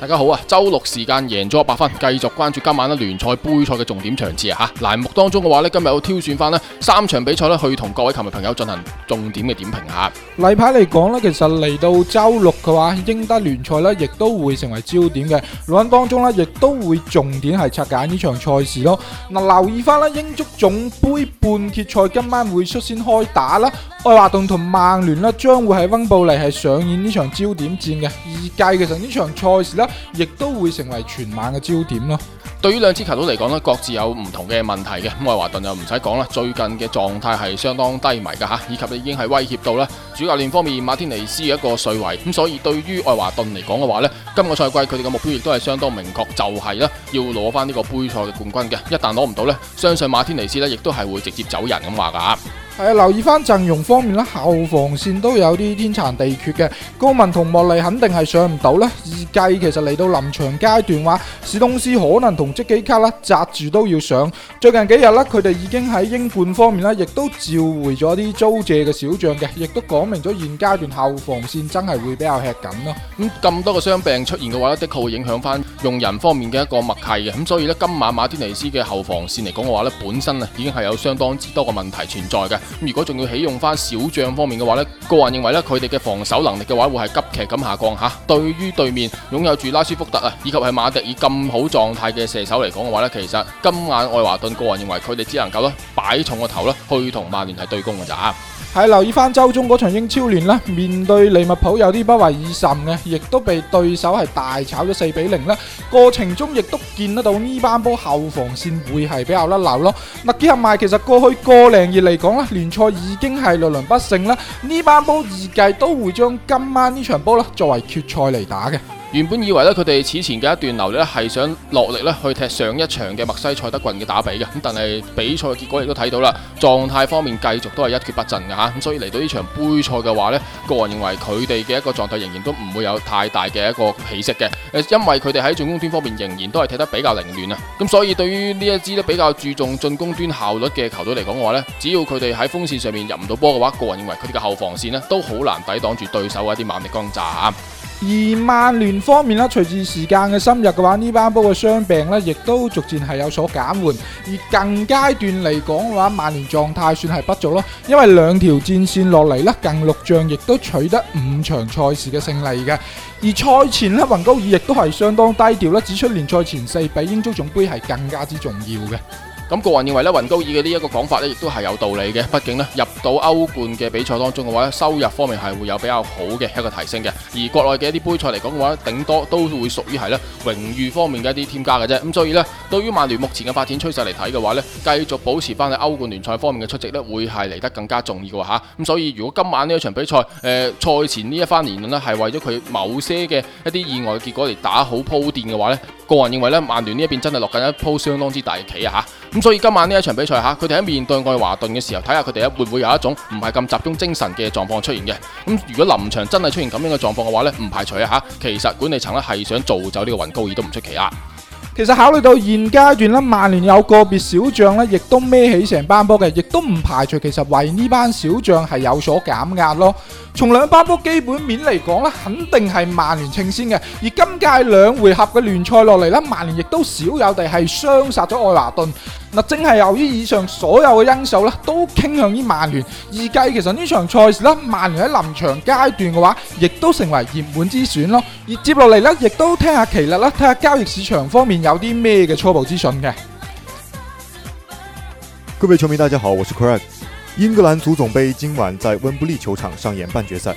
大家好啊！周六時間贏足 100FUN，繼續關注今晚咧聯賽杯賽嘅重點場次啊！吓欄目當中嘅話咧，今日我挑選翻咧三場比賽咧，去同各位球迷朋友進行重點嘅點評吓，例牌嚟講咧，其實嚟到周六嘅話英德聯賽咧，亦都會成為焦點嘅。錄音當中咧，亦都會重點係拆解呢場賽事咯。嗱、啊，留意翻啦，英足總杯半決賽今晚會率先開打啦，愛華頓同曼聯啦將會喺溫布利係上演呢場焦點戰嘅。預計其實呢場賽事咧，亦都會成為全晚嘅焦點咯。對於兩支球隊嚟講咧，各自有唔同嘅問題嘅。咁愛華頓就唔使講啦，最近嘅狀態係相當低迷嘅吓，以及已經係威脅到咧主教練方面馬天尼斯嘅一個帥位。咁所以對於愛華頓嚟講嘅話呢，今個賽季佢哋嘅目標亦都係相當明確，就係呢要攞翻呢個杯賽嘅冠軍嘅。一旦攞唔到呢，相信馬天尼斯呢亦都係會直接走人咁話噶。係啊，留意翻陣容方面啦，後防線都有啲天殘地缺嘅，高文同莫莉肯定係上唔到啦。預計其實嚟到臨場階段話，史東斯可能同積基卡啦紮住都要上。最近幾日啦，佢哋已經喺英冠方面啦，亦都召回咗啲租借嘅小將嘅，亦都講明咗現階段後防線真係會比較吃緊咯、啊。咁咁、嗯、多個傷病出現嘅話呢，的確會影響翻用人方面嘅一個默契嘅。咁所以咧，今晚馬天尼斯嘅後防線嚟講嘅話呢，本身啊已經係有相當之多個問題存在嘅。如果仲要起用翻小將方面嘅話呢個人認為呢，佢哋嘅防守能力嘅話會係急劇咁下降吓。對於對面擁有住拉斯福特啊，以及係馬迪爾咁好狀態嘅射手嚟講嘅話呢，其實今晚愛華頓個人認為佢哋只能夠擺擺重個頭去同曼聯係對攻嘅咋。係留意翻周中嗰場英超聯啦，面對利物浦有啲不為意甚嘅，亦都被對手係大炒咗四比零啦。過程中亦都見得到呢班波後防線會係比較甩漏咯。嗱，合埋其實過去個零二嚟講啦，聯賽已經係連輪不勝啦。呢班波預計都會將今晚呢場波啦作為決賽嚟打嘅。原本以為咧，佢哋此前嘅一段流力咧，係想落力咧去踢上一場嘅墨西塞德郡嘅打比嘅，咁但係比賽嘅結果亦都睇到啦，狀態方面繼續都係一蹶不振嘅吓，咁所以嚟到呢場杯賽嘅話咧，個人認為佢哋嘅一個狀態仍然都唔會有太大嘅一個起色嘅，誒，因為佢哋喺進攻端方面仍然都係踢得比較凌亂啊，咁所以對於呢一支咧比較注重進攻端效率嘅球隊嚟講嘅話咧，只要佢哋喺鋒線上面入唔到波嘅話，個人認為佢哋嘅後防線咧都好難抵擋住對手嘅一啲猛力轟炸。而曼聯方面咧，隨住時間嘅深入嘅話，這班的呢班波嘅傷病咧，亦都逐漸係有所減緩。而近階段嚟講嘅話，曼聯狀態算係不足咯，因為兩條戰線落嚟咧，近六仗亦都取得五場賽事嘅勝利嘅。而賽前咧，雲高爾亦都係相當低調咧，指出聯賽前四比英足總杯係更加之重要嘅。咁個人認為咧，雲高爾嘅呢一個講法咧，亦都係有道理嘅。畢竟呢，入到歐冠嘅比賽當中嘅話，收入方面係會有比較好嘅一個提升嘅。而國內嘅一啲杯賽嚟講嘅話，頂多都會屬於係咧榮譽方面嘅一啲添加嘅啫。咁所以呢，對於曼聯目前嘅發展趨勢嚟睇嘅話呢，繼續保持翻喺歐冠聯賽方面嘅出席呢，會係嚟得更加重要嘅吓，咁所以如果今晚呢一場比賽，誒賽前呢一番言論呢，係為咗佢某些嘅一啲意外嘅結果嚟打好鋪墊嘅話呢，個人認為呢，曼聯呢一邊真係落緊一鋪相當之大嘅棋啊嚇！咁所以今晚呢一場比賽吓，佢哋喺面對愛華頓嘅時候，睇下佢哋咧會唔會有一種唔係咁集中精神嘅狀況出現嘅。咁如果臨場真係出現咁樣嘅狀況嘅話咧，唔排除啊嚇，其實管理層咧係想造就呢個雲高爾都唔出奇啊。其實考慮到現階段咧，曼聯有個別小將咧，亦都孭起成班波嘅，亦都唔排除其實為呢班小將係有所減壓咯。從兩班波基本面嚟講咧，肯定係曼聯稱先嘅。而今屆兩回合嘅聯賽落嚟咧，曼聯亦都少有地係雙殺咗愛華頓。嗱，正係由於以上所有嘅因素呢，都傾向於曼聯。預計其實呢場賽事咧，曼聯喺臨場階段嘅話，亦都成為熱門之選咯。而接落嚟呢，亦都聽下奇力啦，睇下交易市場方面有啲咩嘅初步資訊嘅。各位球迷，大家好，我是 Craig。英格蘭足總杯今晚在溫布利球場上演半決賽。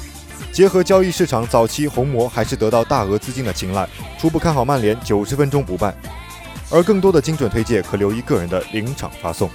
結合交易市場早期紅魔還是得到大額資金的青睞，初步看好曼聯九十分鐘不敗。而更多的精準推介可留意個人的臨場發送。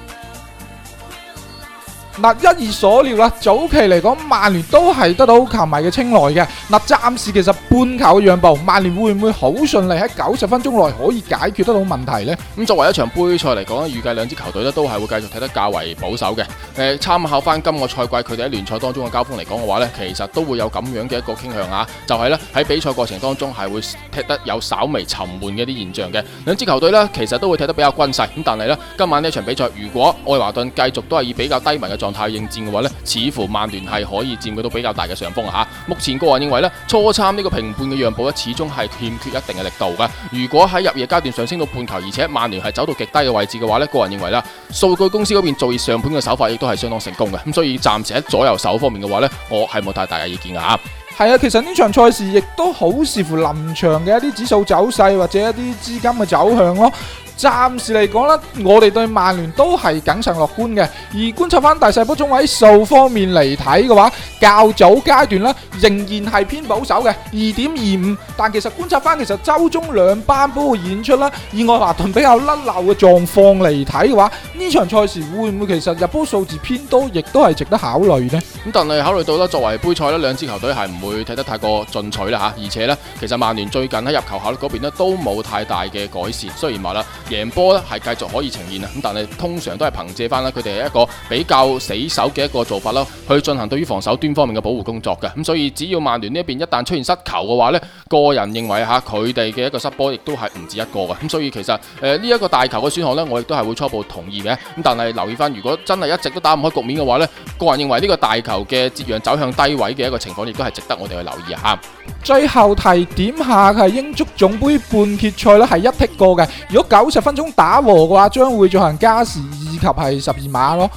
嗱，一如所料啦，早期嚟講，曼聯都係得到球迷嘅青睞嘅。嗱，暫時其實半球嘅讓步，曼聯會唔會好順利喺九十分鐘內可以解決得到問題咧？咁作為一場杯賽嚟講咧，預計兩支球隊咧都係會繼續踢得較為保守嘅。誒、呃，參考翻今個賽季佢哋喺聯賽當中嘅交鋒嚟講嘅話咧，其實都會有咁樣嘅一個傾向啊，就係咧喺比賽過程當中係會踢得有稍微沉悶嘅啲現象嘅。兩支球隊咧其實都會踢得比較均勢，咁但係咧今晚呢一場比賽，如果愛華頓繼續都係以比較低迷嘅狀狀態應戰嘅話呢，似乎曼聯係可以佔到比較大嘅上風吓，啊，目前個人認為呢初參呢個平半嘅讓步呢，始終係欠缺一定嘅力度嘅。如果喺入夜階段上升到半球，而且曼聯係走到極低嘅位置嘅話呢，個人認為啦，數據公司嗰邊做熱上盤嘅手法亦都係相當成功嘅。咁所以暫時喺左右手方面嘅話呢，我係冇太大嘅意見嘅吓。係啊，其實呢場賽事亦都好視乎臨場嘅一啲指數走勢或者一啲資金嘅走向咯。暫時嚟講呢我哋對曼聯都係謹慎樂觀嘅。而觀察翻大細波中位數方面嚟睇嘅話，較早階段呢仍然係偏保守嘅二點二五。25, 但其實觀察翻，其實周中兩班都會演出啦。以愛華頓比較甩漏嘅狀況嚟睇嘅話，呢場賽事會唔會其實入波數字偏多，亦都係值得考慮咧？咁但係考慮到啦，作為杯賽咧，兩支球隊係唔會踢得太過進取啦吓。而且呢，其實曼聯最近喺入球效率嗰邊咧都冇太大嘅改善。雖然話啦。贏波咧係繼續可以呈現啊，咁但係通常都係憑借翻咧佢哋一個比較死守嘅一個做法啦，去進行對於防守端方面嘅保護工作嘅，咁所以只要曼聯呢邊一旦出現失球嘅話咧，個人認為吓佢哋嘅一個失波亦都係唔止一個嘅，咁所以其實誒呢一個大球嘅選項呢，我亦都係會初步同意嘅，咁但係留意翻如果真係一直都打唔開局面嘅話咧，個人認為呢個大球嘅折陽走向低位嘅一個情況亦都係值得我哋去留意下。最後提點下，係英足總杯半決賽咧，係一踢過嘅。如果九十分鐘打和嘅話，將會進行加時以及係十二碼咯。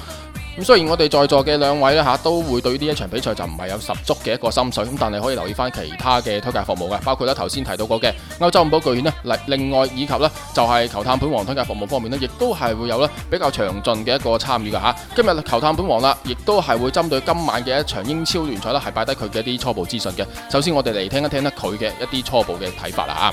雖然我哋在座嘅兩位咧吓，都會對呢一場比賽就唔係有十足嘅一個心水，咁但係可以留意翻其他嘅推介服務嘅，包括咧頭先提到過嘅歐洲五寶巨犬，咧，另外以及咧就係球探本王推介服務方面咧，亦都係會有咧比較詳盡嘅一個參與嘅吓。今日球探本王啦，亦都係會針對今晚嘅一場英超聯賽咧，係擺低佢嘅一啲初步資訊嘅。首先我哋嚟聽一聽咧佢嘅一啲初步嘅睇法啦。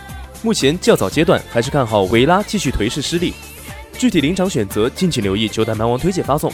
目前較早階段，還是看好維拉繼續頹勢失利。具體臨場選擇，敬請留意球壇蠻王推薦發送。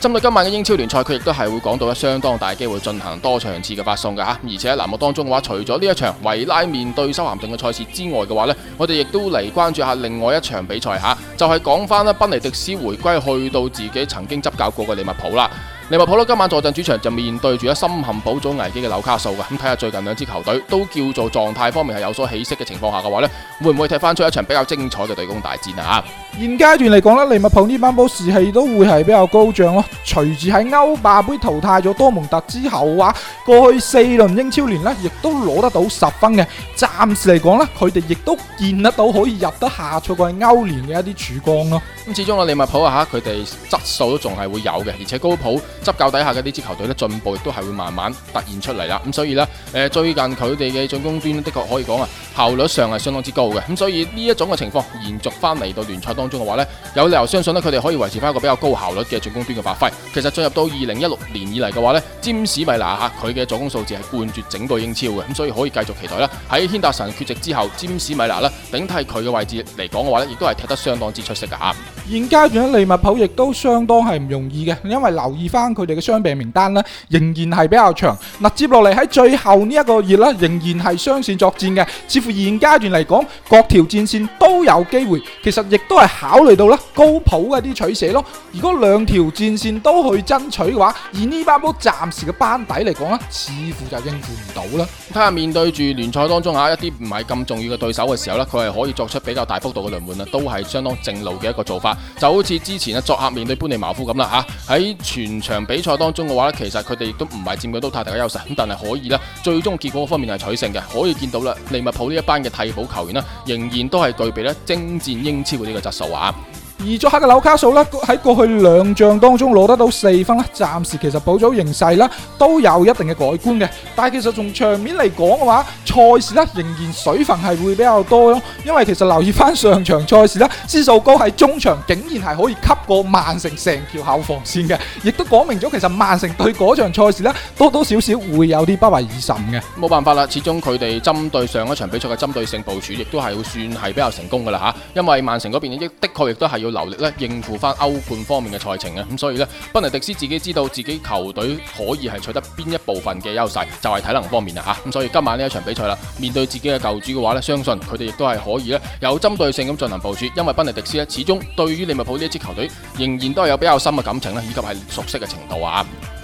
針對今晚嘅英超聯賽，佢亦都係會講到一相當大機會進行多場次嘅發送嘅吓，而且喺欄目當中嘅話，除咗呢一場維拉面對修咸頓嘅賽事之外嘅話呢，我哋亦都嚟關注下另外一場比賽吓，就係講翻呢賓尼迪斯回歸去到自己曾經執教過嘅利物浦啦。利物浦咧，今晚坐鎮主場，就面對住一深陷保組危機嘅紐卡素嘅。咁睇下最近兩支球隊都叫做狀態方面係有所起色嘅情況下嘅話呢，會唔會踢翻出一場比較精彩嘅對攻大戰啊？現階段嚟講呢，利物浦呢班波士氣都會係比較高漲咯。隨住喺歐霸杯淘汰咗多蒙特之後嘅話，過去四輪英超聯呢，亦都攞得到十分嘅。暫時嚟講呢，佢哋亦都見得到可以入得下賽季歐聯嘅一啲曙光咯。咁始終啦，利物浦啊吓，佢哋質素都仲係會有嘅，而且高普執教底下嘅呢支球隊咧進步亦都係會慢慢突現出嚟啦。咁所以呢，誒、呃、最近佢哋嘅進攻端的確可以講啊，效率上係相當之高嘅。咁所以呢一種嘅情況延續翻嚟到聯賽。當中嘅話呢，有理由相信呢，佢哋可以維持翻一個比較高效率嘅進攻端嘅發揮。其實進入到二零一六年以嚟嘅話呢，詹士米拿，吓，佢嘅助攻數字係冠絕整個英超嘅，咁所以可以繼續期待啦。喺軒達臣缺席之後，詹士米拿呢，頂替佢嘅位置嚟講嘅話呢，亦都係踢得相當之出色嘅吓。現階段在利物浦亦都相當係唔容易嘅，因為留意翻佢哋嘅傷病名單呢，仍然係比較長。嗱，接落嚟喺最後呢一個月呢，仍然係雙線作戰嘅，似乎現階段嚟講，各條戰線都有機會。其實亦都係。考慮到啦，高普嘅啲取捨咯，如果兩條戰線都去爭取嘅話，而呢班波暫時嘅班底嚟講咧，似乎就應付唔到啦。睇下面對住聯賽當中吓一啲唔係咁重要嘅對手嘅時候咧，佢係可以作出比較大幅度嘅輪換啊，都係相當正路嘅一個做法。就好似之前啊作客面對班尼茅夫咁啦吓，喺全場比賽當中嘅話咧，其實佢哋亦都唔係佔據到太大嘅優勢，咁但係可以咧，最終結果方面係取勝嘅。可以見到啦，利物浦呢一班嘅替補球員咧，仍然都係具備咧征戰英超呢個走啊！而作客嘅紐卡素咧，喺過去兩仗當中攞得到四分啦，暫時其實補組形勢啦都有一定嘅改觀嘅。但係其實從場面嚟講嘅話，賽事咧仍然水分係會比較多咯。因為其實留意翻上場賽事啦，斯素高喺中場竟然係可以吸過曼城成條後防線嘅，亦都講明咗其實曼城對嗰場賽事咧多多少少會有啲不為已甚嘅。冇辦法啦，始終佢哋針對上一場比賽嘅針對性部署，亦都係會算係比較成功噶啦吓。因為曼城嗰邊亦的確亦都係要，留力咧，應付翻歐冠方面嘅賽程嘅，咁所以呢，賓尼迪斯自己知道自己球隊可以係取得邊一部分嘅優勢，就係、是、體能方面啊，咁所以今晚呢一場比賽啦，面對自己嘅舊主嘅話呢，相信佢哋亦都係可以咧有針對性咁進行部署，因為賓尼迪斯呢，始終對於利物浦呢一支球隊仍然都係有比較深嘅感情咧，以及係熟悉嘅程度啊。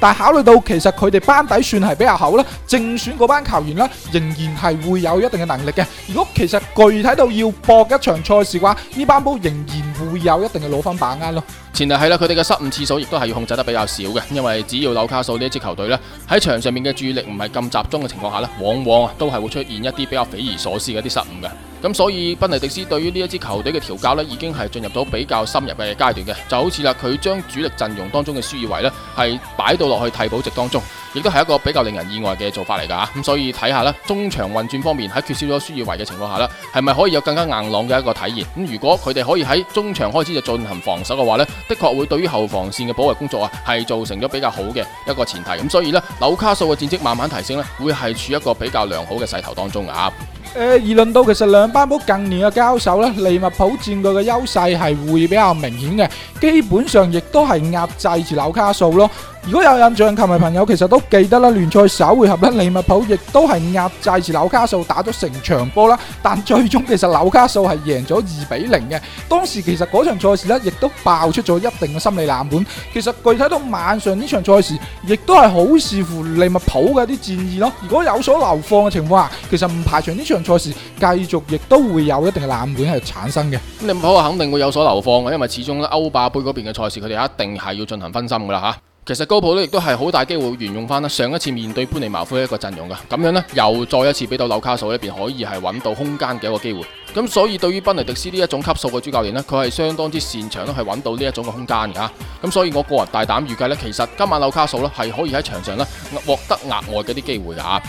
但考慮到其實佢哋班底算係比較好啦，正選嗰班球員啦仍然係會有一定嘅能力嘅。如果其實具體到要搏一場賽事嘅話，呢班波仍然會有一定嘅攞分把握咯。前提係啦，佢哋嘅失誤次數亦都係要控制得比較少嘅，因為只要紐卡素呢一支球隊呢，喺場上面嘅注意力唔係咁集中嘅情況下呢，往往啊都係會出現一啲比較匪夷所思嘅一啲失誤嘅。咁所以，賓尼迪斯對於呢一支球隊嘅調教呢，已經係進入咗比較深入嘅階段嘅。就好似啦，佢將主力陣容當中嘅舒爾維呢，係擺到落去替補席當中，亦都係一個比較令人意外嘅做法嚟㗎嚇。咁所以睇下咧，中場運轉方面喺缺少咗舒爾維嘅情況下咧，係咪可以有更加硬朗嘅一個體驗？咁如果佢哋可以喺中場開始就進行防守嘅話呢，的確會對於後防線嘅保衛工作啊，係造成咗比較好嘅一個前提。咁所以呢，紐卡素嘅戰績慢慢提升呢，會係處一個比較良好嘅勢頭當中啊。誒，而論到其實兩班鋪，近年嘅交手咧，利物浦佔據嘅優勢係會比較明顯嘅，基本上亦都係壓制住紐卡素咯。如果有印象，球迷朋友其實都記得啦。聯賽首回合咧，利物浦亦都係壓制住紐卡素打咗成場波啦。但最終其實紐卡素係贏咗二比零嘅。當時其實嗰場賽事呢，亦都爆出咗一定嘅心理冷門。其實具體到晚上呢場賽事，亦都係好視乎利物浦嗰啲戰意咯。如果有所流放嘅情況下，其實唔排除呢場賽事繼續亦都會有一定嘅冷門係產生嘅。利物浦啊，肯定會有所流放嘅，因為始終咧歐霸杯嗰邊嘅賽事，佢哋一定係要進行分心噶啦嚇。其實高普咧亦都係好大機會沿用翻啦，上一次面對潘尼茅夫一個陣容嘅，咁樣咧又再一次俾到紐卡素一邊可以係揾到空間嘅一個機會，咁所以對於賓尼迪斯呢一種級數嘅主教練咧，佢係相當之擅長咧係揾到呢一種嘅空間嘅啊，咁所以我個人大膽預計咧，其實今晚紐卡素咧係可以喺場上咧獲得額外嘅啲機會嘅啊，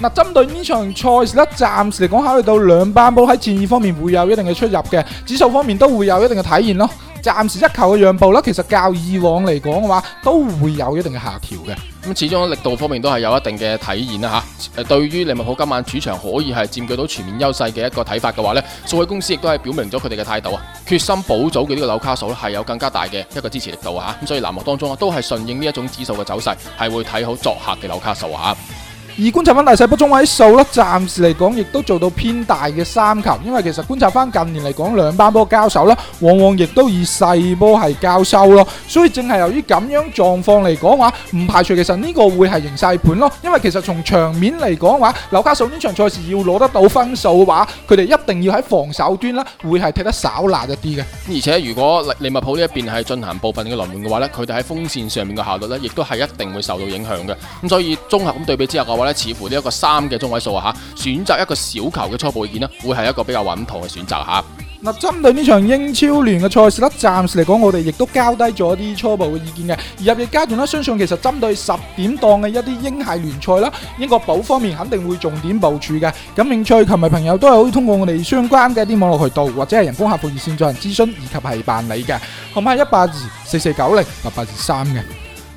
嗱，針對呢場賽事咧，暫時嚟講考慮到兩班部喺戰意方面會有一定嘅出入嘅，指數方面都會有一定嘅體現咯。暫時一球嘅讓步啦，其實較以往嚟講嘅話，都會有一定嘅下調嘅。咁始終力度方面都係有一定嘅體現啦吓。誒，對於利物浦今晚主場可以係佔據到全面優勢嘅一個睇法嘅話咧，數位公司亦都係表明咗佢哋嘅態度啊，決心補組嘅呢個紐卡素咧係有更加大嘅一個支持力度吓。咁所以欄目當中啊，都係順應呢一種指數嘅走勢，係會睇好作客嘅紐卡素啊。而觀察翻大細波中位數咧，暫時嚟講亦都做到偏大嘅三球，因為其實觀察翻近年嚟講兩班波交手咧，往往亦都以細波係交收咯，所以正係由於咁樣狀況嚟講話，唔排除其實呢個會係形勢盤咯。因為其實從場面嚟講話，紐卡素呢場賽事要攞得到分數嘅話，佢哋一定要喺防守端咧，會係踢得稍辣一啲嘅。而且如果利物浦呢一邊係進行部分嘅輪換嘅話咧，佢哋喺鋒線上面嘅效率咧，亦都係一定會受到影響嘅。咁所以綜合咁對比之下嘅話咧。似乎呢一個三嘅中位數啊，選擇一個小球嘅初步意見啦，會係一個比較穩妥嘅選擇吓。嗱，針對呢場英超聯嘅賽事咧，暫時嚟講我哋亦都交低咗啲初步嘅意見嘅。而入夜階段咧，相信其實針對十點檔嘅一啲英系聯賽啦，英國寶方面肯定會重點部署嘅。咁，興趣球迷朋友都係可以通過我哋相關嘅一啲網絡渠道或者係人工客服熱線進行諮詢以及係辦理嘅，號碼係一八二四四九零八八二三嘅。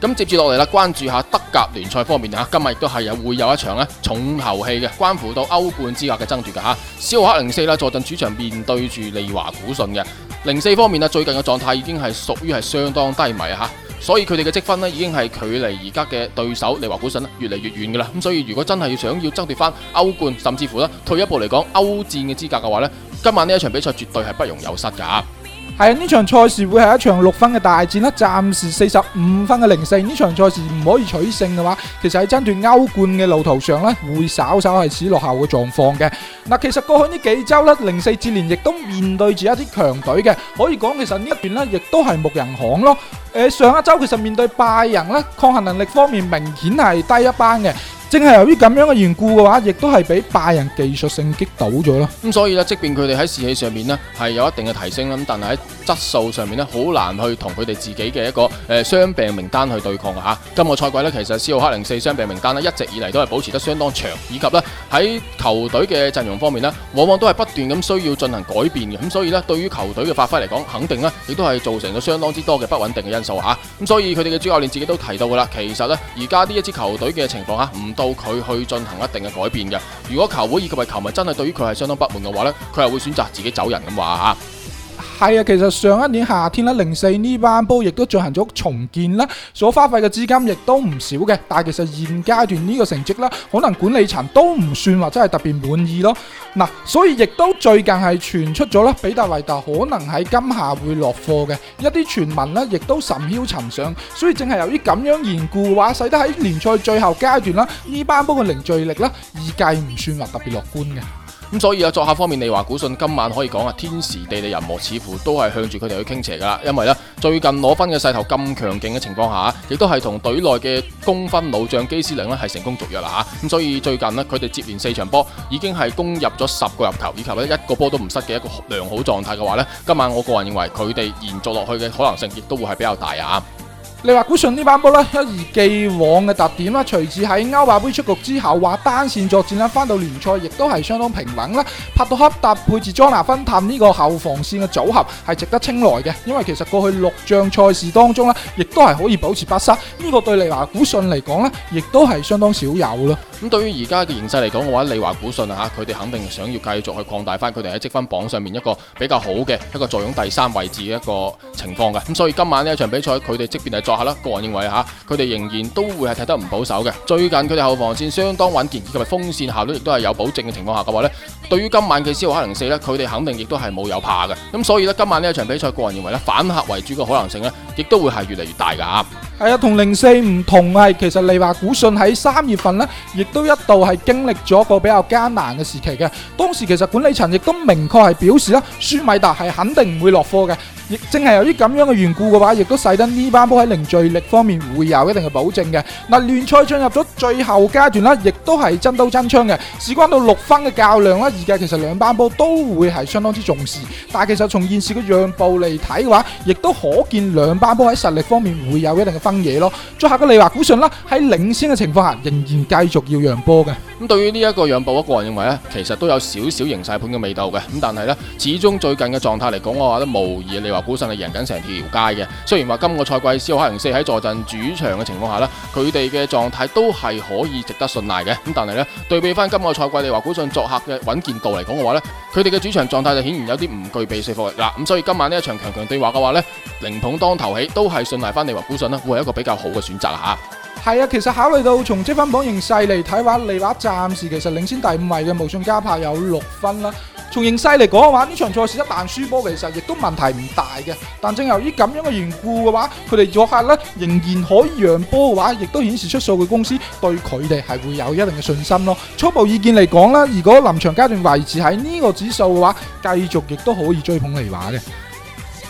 咁接住落嚟啦，關注下德甲聯賽方面啊，今日亦都係有會有一場咧重頭戲嘅，關乎到歐冠資格嘅爭奪嘅嚇。小黑零四啦，坐鎮主場面對住利華古信嘅零四方面啊，最近嘅狀態已經係屬於係相當低迷啊，所以佢哋嘅積分咧已經係距離而家嘅對手利華古信越嚟越遠噶啦。咁所以如果真係要想要爭奪翻歐冠，甚至乎咧退一步嚟講歐戰嘅資格嘅話咧，今晚呢一場比賽絕對係不容有失噶。係啊，呢場賽事會係一場六分嘅大戰啦，暫時四十五分嘅零四，呢場賽事唔可以取勝嘅話，其實喺爭奪歐冠嘅路途上咧，會稍稍係似落後嘅狀況嘅。嗱、啊，其實過去呢幾週零四接連亦都面對住一啲強隊嘅，可以講其實呢一段呢亦都係木人行咯。誒、呃，上一週其實面對拜仁呢，抗衡能力方面明顯係低一班嘅。正係由於咁樣嘅緣故嘅話，亦都係俾拜仁技術性擊倒咗啦。咁所以呢，即便佢哋喺士氣上面呢係有一定嘅提升啦，但係喺質素上面呢，好難去同佢哋自己嘅一個誒傷病名單去對抗吓。今個賽季呢，其實斯奧克零四傷病名單呢，一直以嚟都係保持得相當長，以及呢喺球隊嘅陣容方面呢，往往都係不斷咁需要進行改變嘅。咁所以呢，對於球隊嘅發揮嚟講，肯定呢亦都係造成咗相當之多嘅不穩定嘅因素吓。咁所以佢哋嘅主教練自己都提到噶啦，其實呢，而家呢一支球隊嘅情況吓唔多。到佢去進行一定嘅改變嘅，如果球會以及係球迷真係對於佢係相當不滿嘅話咧，佢係會選擇自己走人咁話啊。係啊，其實上一年夏天咧，零四呢班波亦都進行咗重建啦，所花費嘅資金亦都唔少嘅。但係其實現階段呢個成績啦，可能管理層都唔算話真係特別滿意咯。嗱、啊，所以亦都最近係傳出咗啦，比達維達可能喺今夏會落貨嘅。一啲傳聞呢亦都甚囂塵上，所以正係由於咁樣緣故嘅話，使得喺聯賽最後階段啦，呢班波嘅凝聚力啦，預計唔算話特別樂觀嘅。咁所以啊，作客方面，利華古遜今晚可以講啊，天時地利人和似乎都係向住佢哋去傾斜噶啦。因為咧，最近攞分嘅勢頭咁強勁嘅情況下，亦都係同隊內嘅攻分老將基斯寧咧係成功續約啦吓。咁所以最近咧，佢哋接連四場波已經係攻入咗十個入球，以及咧一個波都唔失嘅一個良好狀態嘅話咧，今晚我個人認為佢哋延續落去嘅可能性亦都會係比較大啊。利華古遜呢班波咧，一如既往嘅特點啦。隨住喺歐霸杯出局之後，話單線作戰咧，翻到聯賽亦都係相當平穩啦。帕多克搭配住莊拿芬探呢個後防線嘅組合係值得青睞嘅，因為其實過去六仗賽事當中呢亦都係可以保持不失，呢個對利華古遜嚟講呢亦都係相當少有咯。咁對於而家嘅形勢嚟講我覺得利華古遜啊，佢哋肯定想要繼續去擴大翻佢哋喺積分榜上面一個比較好嘅一個坐擁第三位置嘅一個情況嘅。咁所以今晚呢一場比賽，佢哋即便係吓個人認為嚇，佢哋仍然都會係睇得唔保守嘅。最近佢哋後防線相當穩健風，以及埋鋒線效率亦都係有保證嘅情況下嘅話呢，對於今晚嘅斯沃卡零四呢，佢哋肯定亦都係冇有怕嘅。咁所以呢，今晚呢一場比賽，個人認為咧，反客為主嘅可能性呢，亦都會係越嚟越大㗎嚇。係啊，同零四唔同係，其實利華古遜喺三月份呢，亦都一度係經歷咗個比較艱難嘅時期嘅。當時其實管理層亦都明確係表示啦，舒米達係肯定唔會落課嘅。亦正係由於咁樣嘅緣故嘅話，亦都使得呢班波喺凝聚力方面會有一定嘅保證嘅。嗱，聯賽進入咗最後階段啦，亦都係真刀真槍嘅，事關到六分嘅較量啦。而家其實兩班波都會係相當之重視，但係其實從現時嘅讓步嚟睇嘅話，亦都可見兩班波喺實力方面會有一定嘅分野咯。最後嘅利華古遜啦，喺領先嘅情況下仍然繼續要讓波嘅。咁對於呢一個讓步，我個人認為呢其實都有少少形勢盤嘅味道嘅。咁但係呢，始終最近嘅狀態嚟講我覺得無疑利華。你股信係贏緊成條街嘅，雖然話今個賽季斯卡寧斯喺坐鎮主場嘅情況下呢，佢哋嘅狀態都係可以值得信賴嘅，咁但係呢，對比翻今個賽季你華股信作客嘅穩健度嚟講嘅話呢，佢哋嘅主場狀態就顯然有啲唔具備說服力嗱，咁所以今晚呢一場強強對話嘅話呢，靈捧當頭起都係信賴翻你話股信呢會係一個比較好嘅選擇吓。係啊，其實考慮到從積分榜形勢嚟睇話，利華暫時其實領先第五位嘅無上加柏有六分啦。從形勢嚟講嘅話，呢場賽事一旦輸波，其實亦都問題唔大嘅。但正由於咁樣嘅緣故嘅話，佢哋作客呢仍然可以讓波嘅話，亦都顯示出數據公司對佢哋係會有一定嘅信心咯。初步意見嚟講啦，如果臨場階段維持喺呢個指數嘅話，繼續亦都可以追捧利華嘅。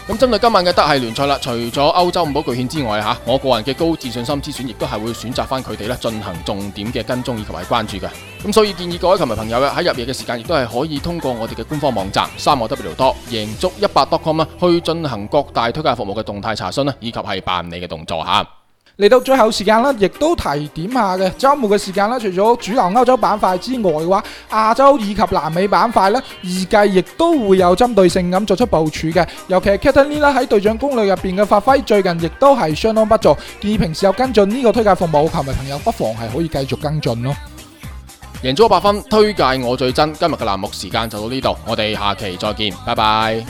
咁針對今晚嘅德系聯賽啦，除咗歐洲五寶巨獻之外啊，嚇，我個人嘅高自信心之選，亦都係會選擇翻佢哋咧進行重點嘅跟蹤以及係關注嘅。咁所以建議各位球迷朋友嘅喺入夜嘅時間，亦都係可以通過我哋嘅官方網站三 W 多贏足一百 .com 去進行各大推介服務嘅動態查詢啊，以及係辦理嘅動作嚇。嚟到最後時間啦，亦都提點下嘅周末嘅時間啦，除咗主流歐洲板塊之外嘅話，亞洲以及南美板塊呢預計亦都會有針對性咁作出部署嘅。尤其係 Caterina 喺隊長攻略入邊嘅發揮，最近亦都係相當不俗，建議平時有跟進呢個推介服務球迷朋友，不妨係可以繼續跟進咯。贏咗八分，推介我最真。今日嘅欄目時間就到呢度，我哋下期再見，拜拜。